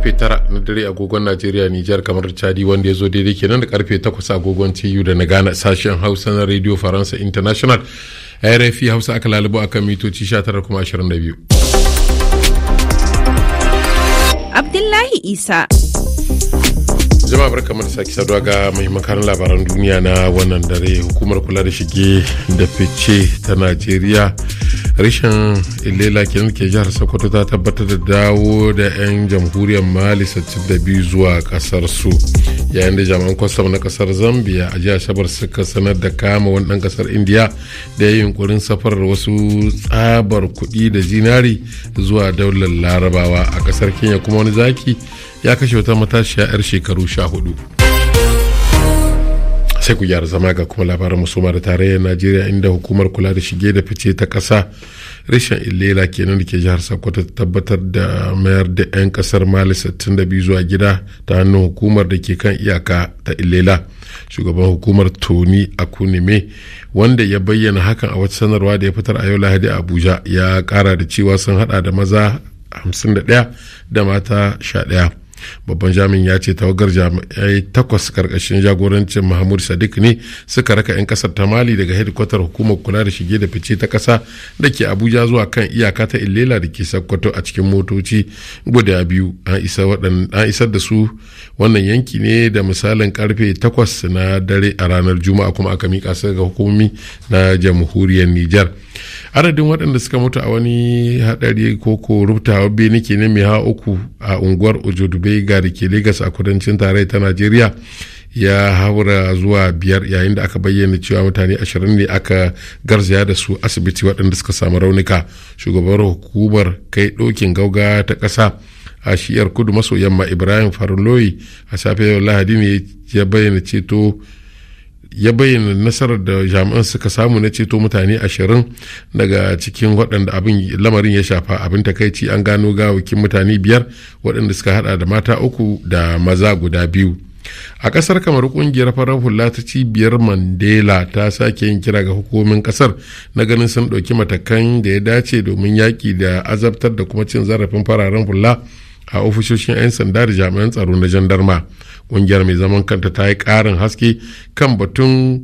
karfe 9 na dare agogon Najeriya Nijar kamar Chadi wanda ya zo daidai kenan da karfe 8 agogon TU da na gana sashen Hausa na Radio Faransa International RFI Hausa aka lalubo kan mitoci 19 kuma 22. Abdullahi Isa jama'a kamar da sake saduwa ga mahimman labaran duniya na wannan dare hukumar kula da shige da fice ta najeriya rishan Ilela kenan ke jihar Sokoto ta tabbatar da dawo da 'yan jamhuriyar Mali biyu zuwa kasar su yayin da jami'an kwastam na kasar Zambia a jihar Asabar suka sanar da kama wani ɗan kasar india da ya yi yunkurin safarar wasu tsabar kuɗi da zinari zuwa daular Larabawa a kasar Kenya kuma wani zaki ya kashe wata matashiya 'yar shekaru 14. sai ku gyara zama ga kuma labarin ma da tarayyar najeriya inda hukumar kula da shige da fice ta kasa rashin illela kenan da ke jihar sokoto ta tabbatar da mayar da 'yan kasar mali biyu zuwa gida ta hannun hukumar da ke kan iyaka ta illela shugaban hukumar tony akunime wanda ya bayyana hakan a wata sanarwa da ya fitar a yau lahadi a abuja ya kara da cewa sun hada da maza 51 da mata 11 babban jami'in ya ce tawagar jami'ai takwas karkashin jagorancin mahmud sadiq ne suka raka 'yan kasar ta mali daga hedikwatar hukumar kula da shige da fice ta kasa da ke abuja zuwa kan iyaka ta illela da ke sakkwato a cikin motoci guda biyu an isar da su wannan yanki ne da misalin karfe takwas na dare a ranar juma'a kuma aka mika su ga hukumomi na jamhuriyar nijar adadin waɗanda suka mutu a wani haɗari ko ko rubuta wabbe nake ne mai hawa uku a unguwar ojodubai ga da ke legas a kudancin tarayya ta najeriya ya haura zuwa biyar yayin da aka bayyana cewa mutane ashirin ne aka garzaya da su asibiti waɗanda suka samu raunuka shugabar hukumar kai ɗokin gauga ta ƙasa a shiyar kudu maso yamma ibrahim faruloyi a safiyar lahadi ne ya bayyana ceto ya bayyana nasarar da jami'an suka samu na ceto mutane ashirin daga cikin waɗanda abin lamarin ya shafa abin takaici an gano gawakin mutane biyar waɗanda suka hada da mata uku da maza guda biyu a ƙasar kamar ƙungiyar farar hula ta cibiyar mandela ta sake yin kira ga hukumomin ƙasar na ganin sun ɗauki matakan da ya dace domin yaƙi da azabtar da kuma cin zarafin fararen hula a ofisoshin 'yan sanda da jami'an tsaro na jandarma kungiyar mai zaman kanta ta yi karin haske kan batun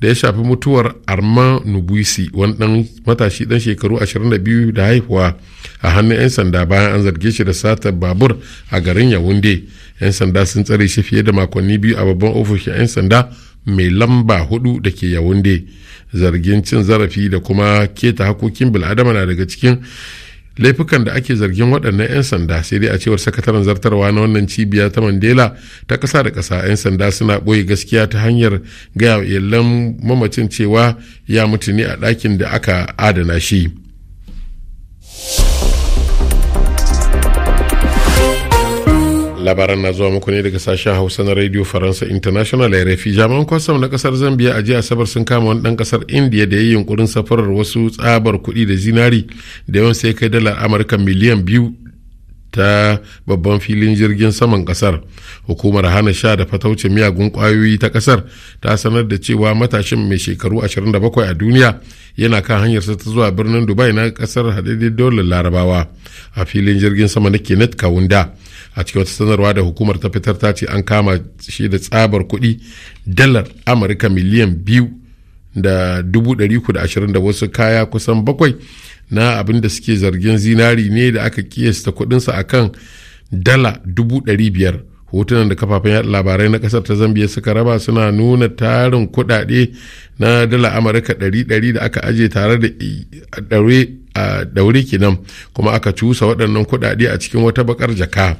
da ya shafi mutuwar arman nubuisi wani dan matashi dan shekaru 22 da haihuwa a hannun 'yan sanda bayan an zarge shi da satar babur a garin yawunde 'yan sanda sun tsare shi fiye da makonni biyu a babban ofishin 'yan sanda mai lamba hudu da ke yawunde zargin cin zarafi da kuma keta hakokin bil'adama na daga cikin laifukan da ake zargin waɗannan 'yan sanda sai dai a cewar sakataren zartarwa na wannan cibiya ta mandela ta ƙasa da ƙasa 'yan sanda suna ɓoye gaskiya ta hanyar gaya wa mamacin cewa ya mutu ne a ɗakin da aka adana shi. labaran na zuwa muku ne daga sashen hausa na radio faransa international rafi jam'an kwasam na kasar zambia a jiya asabar sun kama wani dan kasar india da ya yi yunkurin safarar wasu tsabar kuɗi da zinari da yawan sai kai dalar amurka miliyan biyu ta babban filin jirgin saman kasar hukumar hana sha da fataucin miyagun kwayoyi ta kasar ta sanar da cewa matashin mai shekaru 27 a duniya yana kan hanyarsa ta zuwa birnin dubai na kasar hadadin dole larabawa a filin jirgin sama na kenneth kawunda a cikin wata sanarwa da hukumar ta fitar ta ce an kama shi da tsabar kuɗi dalar amurka miliyan biyu da dubu ɗari da ashirin da wasu kaya kusan bakwai na abin da suke zargin zinari ne da aka kiyasta kuɗinsa a kan dala dubu ɗari biyar hotunan da kafafen yaɗa labarai na ƙasar ta zambia suka raba suna nuna tarin kuɗaɗe na dala amurka ɗari ɗari da aka aje tare da ɗaure a ɗaure kenan kuma aka cusa waɗannan kuɗaɗe a cikin wata bakar jaka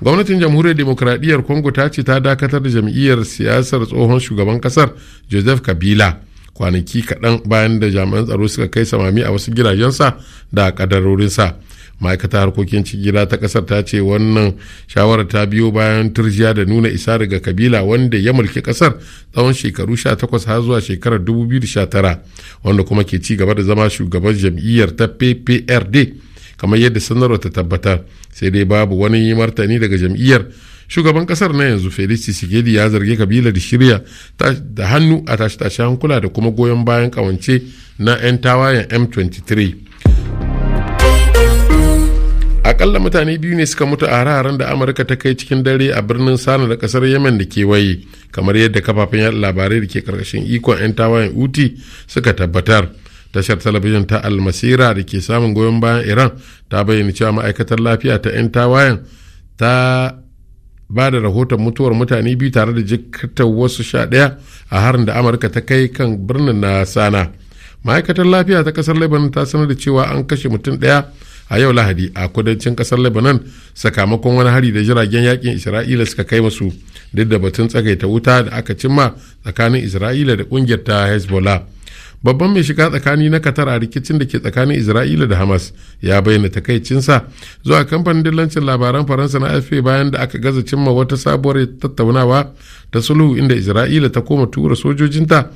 gwamnatin jamhuriyar demokradiyyar congo ta ce ta dakatar da jam'iyyar siyasar tsohon shugaban kasar joseph kabila kwanaki kaɗan bayan da jami'an tsaro suka kai samami a wasu gidajensa da kadarorinsa ma'aikata harkokin cikin gida ta kasar ta ce wannan shawarar ta biyo bayan turjiya da nuna isa daga kabila wanda ya mulki kasar tsawon shekaru 18 har zuwa shekarar 2019 wanda kuma ke ci gaba da zama shugaban jam'iyyar ta pprd kamar yadda sanarwa ta tabbatar sai dai babu wani martani daga jam'iyyar shugaban kasar na yanzu felix tshisekedi ya zargi kabilar shirya da hannu a tashe tashi hankula da kuma goyon bayan kawance na 'yan tawayen m23 akalla mutane biyu ne suka mutu a hararen da amurka ta kai cikin dare a birnin sana da kasar yemen da kewaye kamar yadda kafafen yada labarai da ke karkashin ikon 'yan tawayen uti suka tabbatar tashar talabijin ta almasira da ke samun goyon bayan iran ta bayyana cewa ma'aikatar lafiya ta 'yan tawayen ta ba da rahoton mutuwar mutane biyu tare da jikata wasu sha ɗaya a harin da amurka ta kai kan birnin na sana ma'aikatar lafiya ta kasar lebanon ta sanar da cewa an kashe mutum ɗaya a yau lahadi a kudancin kasar lebanon sakamakon wani hari da jiragen yakin isra'ila suka kai masu duk da batun tsagaita wuta da aka cimma tsakanin isra'ila da kungiyar ta hezbollah babban mai shiga tsakani na katar a rikicin da ke tsakanin isra'ila da hamas ya bayyana takaicinsa zuwa kamfanin dillancin labaran faransa na afe bayan da aka gaza cimma wata sabuwar tattaunawa ta sulhu inda isra'ila ta koma tura sojojinta